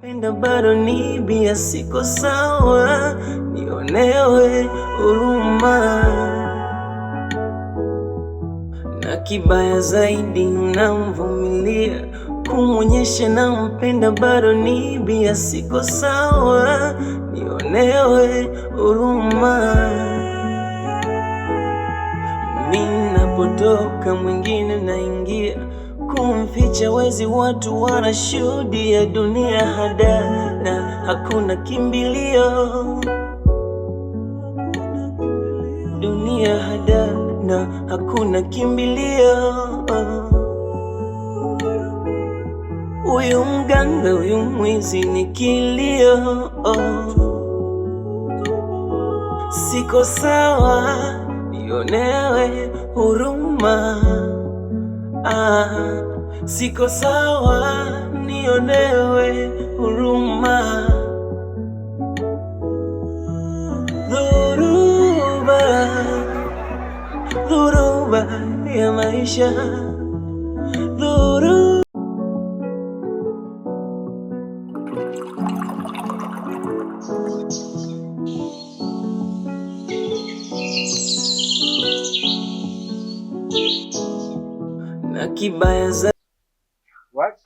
Penda bado bia siko sawa, nionewe huruma. Na kibaya zaidi, namvumilia kumwonyesha nampenda, bado nibia, siko sawa, nionewe huruma. Ninapotoka mwingine naingia kumficha wezi, watu wanashuhudia, dunia hadana, hakuna kimbilio, dunia hadana, hakuna kimbilio. Huyu mganga, huyu mwizi ni kilio, siko sawa, nionewe huruma ah, siko sawa, nionewe huruma. Dhuruba, dhuruba ya maisha, dhuruba na kibaya zaidi What?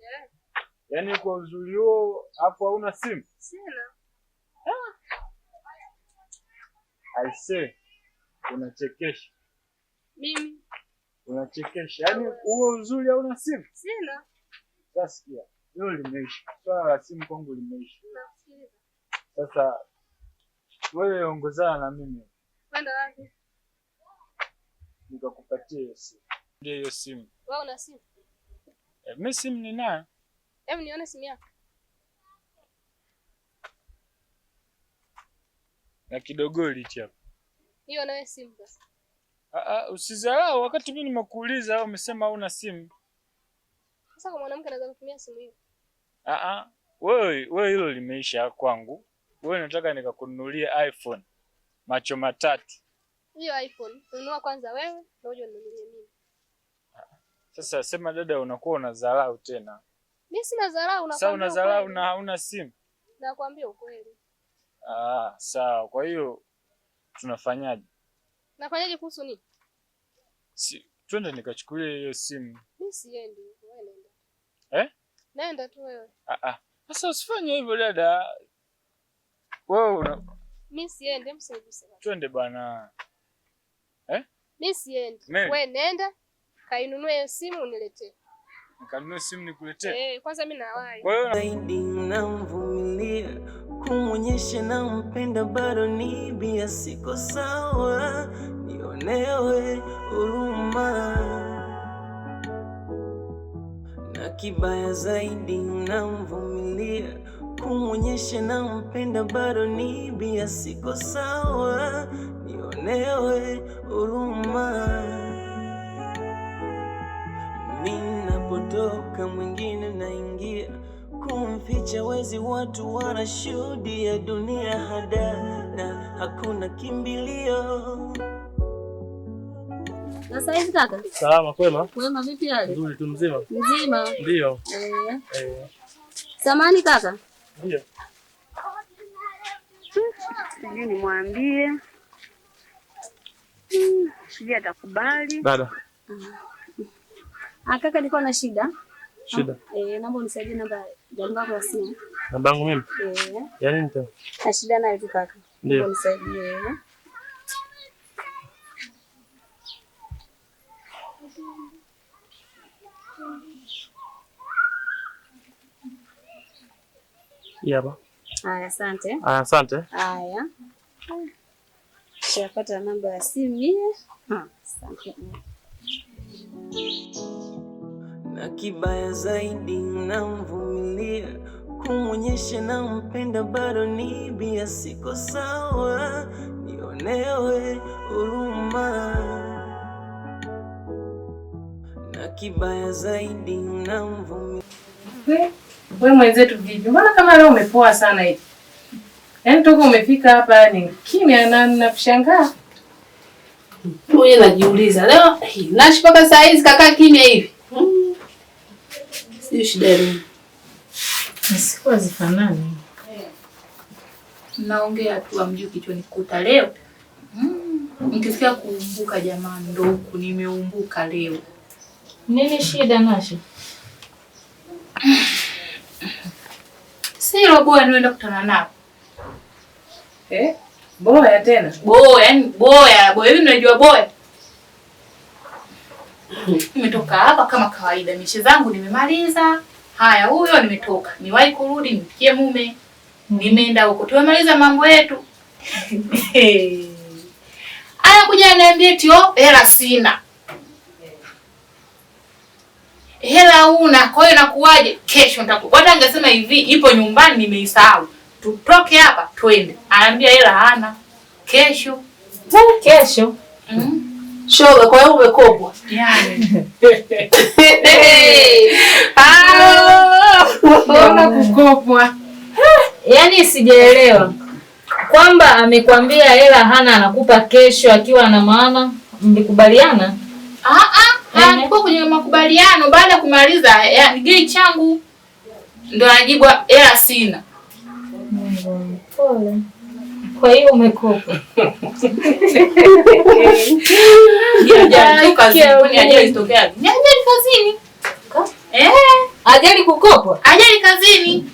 Yeah. Yaani kwa uzuri huo hapo hauna simu? Sina. Ah. I say, unachekesha. Mimi. Unachekesha. Yaani huo uzuri hauna simu? Sina. Sasa kia. Hilo limeisha. Swala la simu kwangu limeisha. Sasa wewe ongozana na mimi. Kwenda wapi? Nikakupatia simu. Ndio hiyo simu. Wewe una simu? Eh, mimi simu ninayo. Hebu nione simu yako. Na kidogoli hichi hapa. Hiyo na wewe simu basi. Ah ah, usidharau wakati mimi nimekuuliza au umesema una simu. Sasa kwa mwanamke anaweza kutumia simu hiyo. Ah ah, wewe wewe hilo limeisha kwangu. Wewe unataka nikakununulie iPhone macho matatu. Hiyo iPhone, nunua kwanza wewe, ndio unanunulia mimi. Sasa sema dada, unakuwa unadharau tena. Mimi sina dharau, unakwambia. Sasa unadharau na hauna simu? Nakwambia ukweli. Ah, sawa. Kwa hiyo tunafanyaje? Nafanyaje kuhusu nini? Si twende nikachukulie hiyo simu. Mimi siendi, wewe nenda. Eh? Naenda tu wewe. Ah ah. Sasa usifanye hivyo dada. Wewe una Mimi siendi, msaidie sana. Twende bwana. Eh? Mimi siendi. Wewe nenda kainunue hiyo simu uniletee. Nikanunue simu nikuletee? Eh, kwanza mimi nawahi. Kwa hiyo zaidi namvumilia, kumwonyesha nampenda bado ni bia, siko sawa, nionewe huruma kibaya zaidi namvumilia, kumwonyesha nampenda bado ni bia, siko sawa, nionewe huruma ninapotoka mwingine naingia, kumficha wezi watu wanashuhudia, dunia hadana, hakuna kimbilio. Na saizi kaka? Salama, kwema? Kwema, vipi hali? Nzuri tu, mzima? Mzima. Ndio. Eh. eh. Samani kaka? Ndio. Sijui nimwambie. Hmm, sijui atakubali. Dada. Ah. Ah, kaka, nilikuwa na shida. Shida. Ah, eh, naomba unisaidie namba namba yako ya simu. Namba yangu mimi? Eh. Yaani nita. Na shida nayo tu kaka. Ndio. Unisaidie. Yaba. Eh. Aya, asante. Aya, asante. Aya. Shapata namba ya simu. Eh. Asante na kibaya zaidi namvumilia, kumwonyesha nampenda bado ni bia, siko sawa, nionewe huruma. Na kibaya zaidi namvumilia. We mwenzetu, vipi? Mbona kama leo umepoa sana hivi? Yaani toka umefika hapa ni kimya na nakushangaa. Mwenye najiuliza leo nashi mpaka saa hizi kakaa kimya hivi Sijui shida yenu. Siku hazifanani. Naongea tu amjui kichwani kuta leo. Mm. kuumbuka jamani, ndo huku nimeumbuka leo. Nini shida Nasha? Si roboa niwenda kutana nao. Eh? Boya tena. Boya, boya, boya, hivi unajua boya? Nimetoka hapa kama kawaida, mishe zangu nimemaliza. Haya, huyo nimetoka, niwahi kurudi nipikie mume. Nimeenda huko tumemaliza mambo yetu. Aya, kuja niambie tio, oh, hela sina, hela una. Kwa hiyo nakuwaje? Kesho nitakukwata. Angesema hivi, ipo nyumbani nimeisahau, tutoke hapa twende. Anaambia hela hana. Kesho kesho, mm. Shoga, kwa hiyo umekopwa kukopwa? sijaelewa kwamba amekwambia hela hana, anakupa kesho akiwa na maana, mlikubaliana? Ah, ah, alikuwa kwenye makubaliano. Baada ya kumaliza gei changu ndo anajibu hela sina. Mungu kwa hiyo umekopa ajali eh? kukopwa, ajali kazini.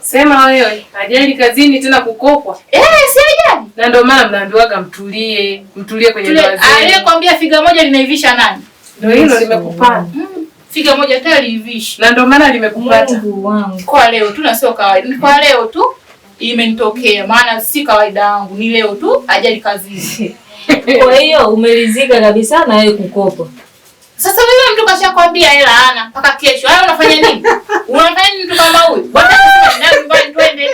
Sema wewe, ajali kazini tena kukopwa. Eh, si ajali. Na ndio maana mnaambiwaga mtulie, mtulie kwenye ndoa. Aliyekwambia figa moja linaivisha nani? Ndio hilo limekupata. Mm. Figa moja tayari ivishi. Na ndio maana limekupata. Kwa leo tu na sio kawaida. Kwa leo tu imenitokea, maana si kawaida yangu, ni leo tu ajali kazini. Kwa hiyo umelizika kabisa na yeye kukopa. Sasa wewe mtu kashakwambia hela ana mpaka kesho. wewe unafanya nini? Unafanya nini mtu kama huyu? Bwana ndio twende.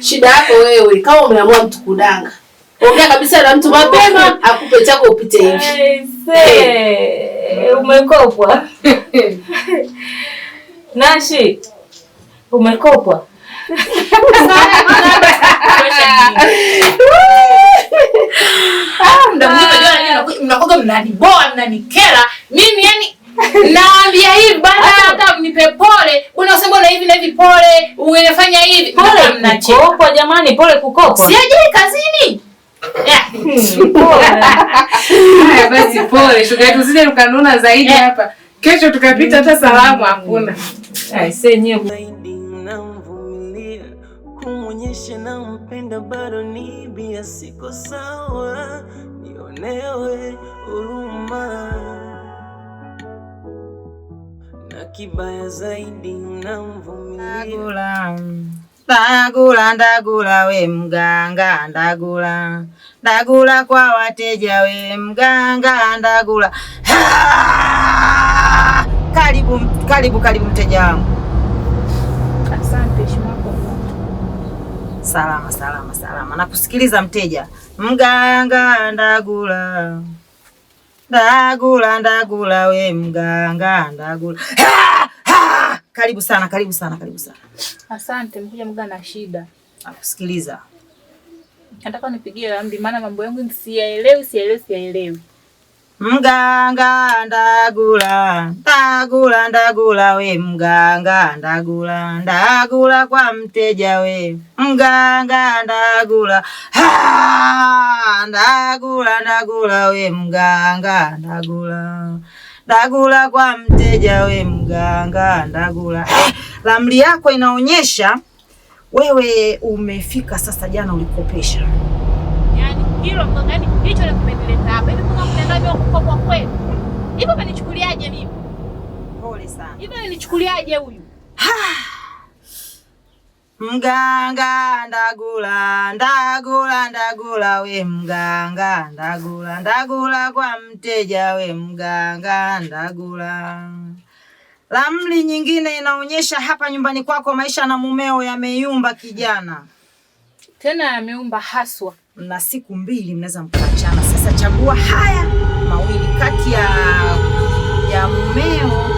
Shida yako wewe, kama umeamua mtu kudanga. Ongea kabisa na mtu mapema akupe chako upite hivi. Eh, umekopwa. Nashi. Umekopwa mnakoga mnaniboa mnanikera mimi yani naambia hivi bana, hata mnipe pole. Kuna usema na hivi na hivi, pole unafanya hivi pole, mnachekwa jamani, pole kukopwa, siajui kazini. Haya basi, pole shuga yetu, tukanuna zaidi hapa, kesho tukapita hata salamu hakuna. Aisee nyewe nionyeshe nampenda bado nibia, siko sawa, nionewe huruma. Na kibaya zaidi namvumilia. Ndagula, ndagula we mganga, ndagula, ndagula kwa wateja we mganga, ndagula. Karibu, karibu, karibu mteja wangu. Salama salama salama, nakusikiliza mteja. Mganga ndagula ndagula ndagula, we mganga ndagula. Ha! Ha! Karibu sana karibu sana karibu sana. Asante mkuja mganga, na shida nakusikiliza. Nataka nipigie ramli, maana mambo yangu siyaelewi siyaelewi siyaelewi Mganga ndagula ndagula ndagula we mganga ndagula ndagula kwa mteja we mganga ndagula ha ndagula ndagula we mganga ndagula ndagula kwa mteja we mganga ndagula. Eh, ramli yako inaonyesha wewe umefika sasa. Jana ulikopesha hilo ndo mgangani hicho ndio kimenileta hapa hivi. Kuna mtendaji wa kufa kwa kweli, hivyo kanichukuliaje mimi? Pole sana. Hivyo nilichukuliaje huyu mganga? Ndagula ndagula ndagula, we mganga ndagula ndagula, kwa mteja we mganga ndagula. Ramli nyingine inaonyesha hapa nyumbani kwako maisha na mumeo yameyumba, kijana, tena yameumba haswa mna siku mbili mnaweza mkaachana. Sasa chagua haya mawili kati ya ya mmeo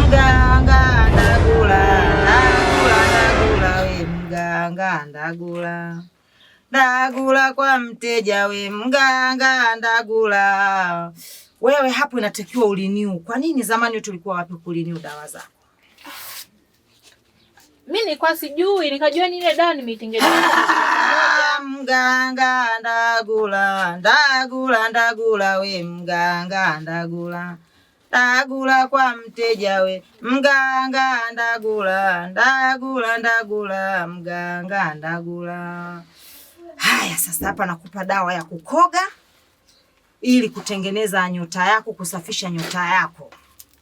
mganga ndagula mganga ndagula ndagula kwa mteja we mganga ndagula. Wewe hapo inatakiwa uliniu. Kwa nini zamani tulikuwa wapi kuliniu dawa zako? Mimi nilikuwa sijui, nikajua ni ile dawa nimeitengeneza mganga ndagula ndagula ndagula we mganga ndagula ndagula kwa mteja we mganga ndagula ndagula ndagula mganga ndagula. Haya, sasa hapa nakupa dawa ya kukoga ili kutengeneza nyota yako, kusafisha nyota yako.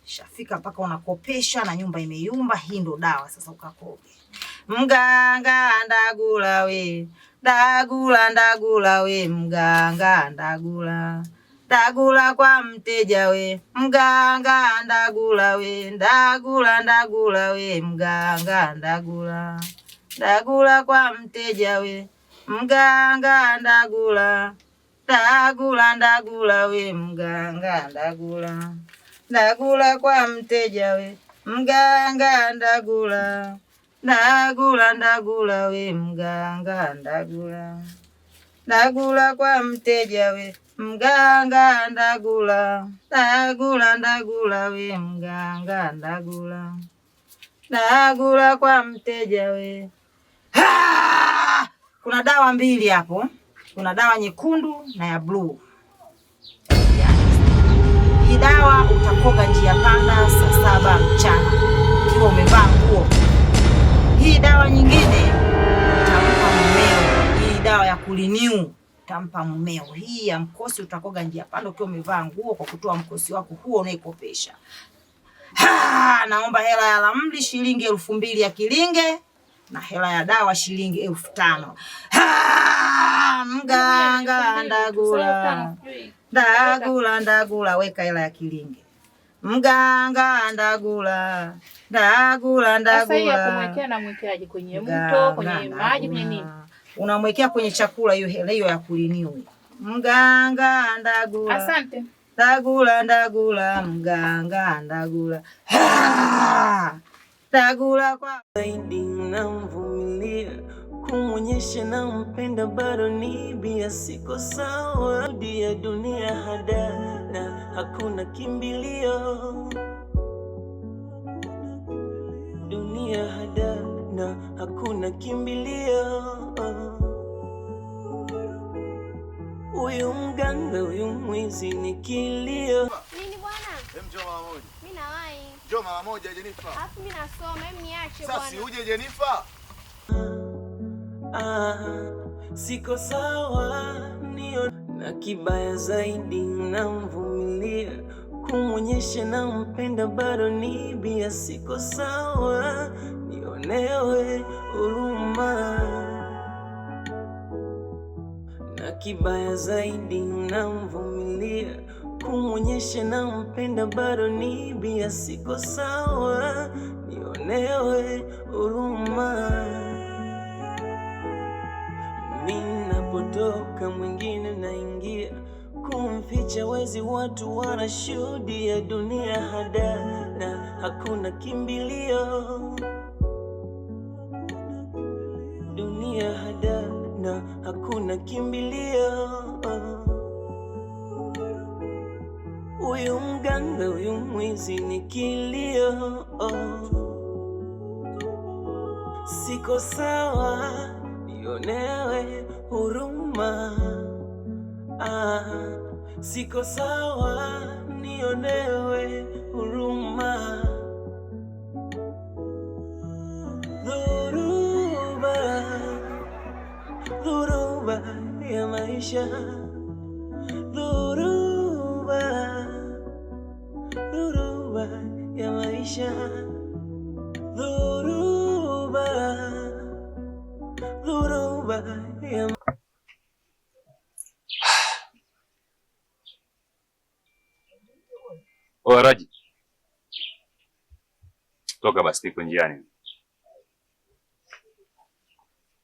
Shafika mpaka unakopesha na nyumba imeyumba, hii ndo dawa sasa, ukakoge. Mganga ndagula we Ndagula, ndagula we mganga, ndagula ndagula kwa mteja we mganga, ndagula we ndagula, ndagula we mganga, ndagula ndagula kwa mteja we mganga, ndagula ndagula, ndagula we mganga, ndagula ndagula kwa mteja we mganga, ndagula Ndagula ndagula we mganga ndagula, ndagula kwa mteja we mganga ndagula, ndagula ndagula we mganga ndagula, ndagula kwa mteja we. Haa! Kuna dawa mbili hapo, kuna dawa nyekundu na ya bluu. Hii dawa utakoga njia panda saa saba mchana ukiwa umevaa nguo hii dawa nyingine utampa mumeo, hii dawa ya kuliniu utampa mumeo, hii ya mkosi utakoga njia panda ukiwa umevaa nguo kwa kutoa mkosi wako huo unaikopesha. Naomba hela ya ramli shilingi elfu mbili ya kilinge na hela ya dawa shilingi elfu tano. Mganga ndagula ndagula ndagula, weka hela ya kilinge Mganga ndagula ndagula ndagula. Sasa Kumwekea namwekeaje? Kwenye mto, kwenye maji, kwenye nini? Unamwekea kwenye chakula, hiyo hela hiyo ya kuliniwe. Mganga ndagula. Asante. Ndagula ndagula, mganga ndagula. Ndagula kwa zaidi namvumilia, kumwonyesha mpenda bado ni bia, siko sawa, ya dunia hadana hakuna kimbilio, dunia hada na hakuna kimbilio. Huyu mganga, huyu mwizi ni kilio. Nini bwana? Njoo mara moja. Mimi nawahi. Njoo mara moja Jenifa. Alafu mimi nasoma, hebu niache bwana. Sasa uje Jenifa. Ah, ah, siko sawa, nio na kibaya zaidi namvumilia, kumwonyesha nampenda bado ni bia, siko sawa, nionewe huruma. Na kibaya zaidi namvumilia, kumwonyesha nampenda bado ni bia, siko sawa, nionewe huruma. Ninapotoka mwingine na kumficha wezi, watu wanashuhudia. Dunia hada na hakuna kimbilio. Dunia hada na hakuna kimbilio. Huyu mganga, huyu mwizi ni kilio. Siko sawa, nionewe huruma ah siko sawa, nionewe huruma. Dhuruba, dhuruba ya maisha, dhuruba, dhuruba ya maisha, dhuruba, dhuruba Oya Raji, toka basi, niko njiani.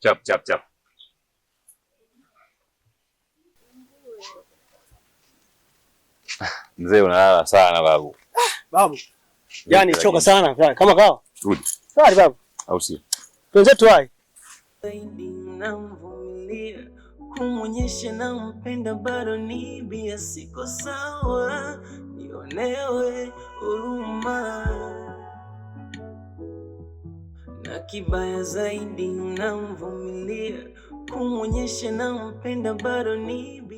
Chap chap chap. Mzee unalala sana babu. Ah, babu. Yaani choka sana yaani, kama kawa. Rudi. Sawa babu. Au sio? Wenzetu hai. Namvumilia kumwonyesha nampenda bado ni bia siko sawa uonewe huruma, na kibaya zaidi namvumilia, kumwonyesha nampenda bado ni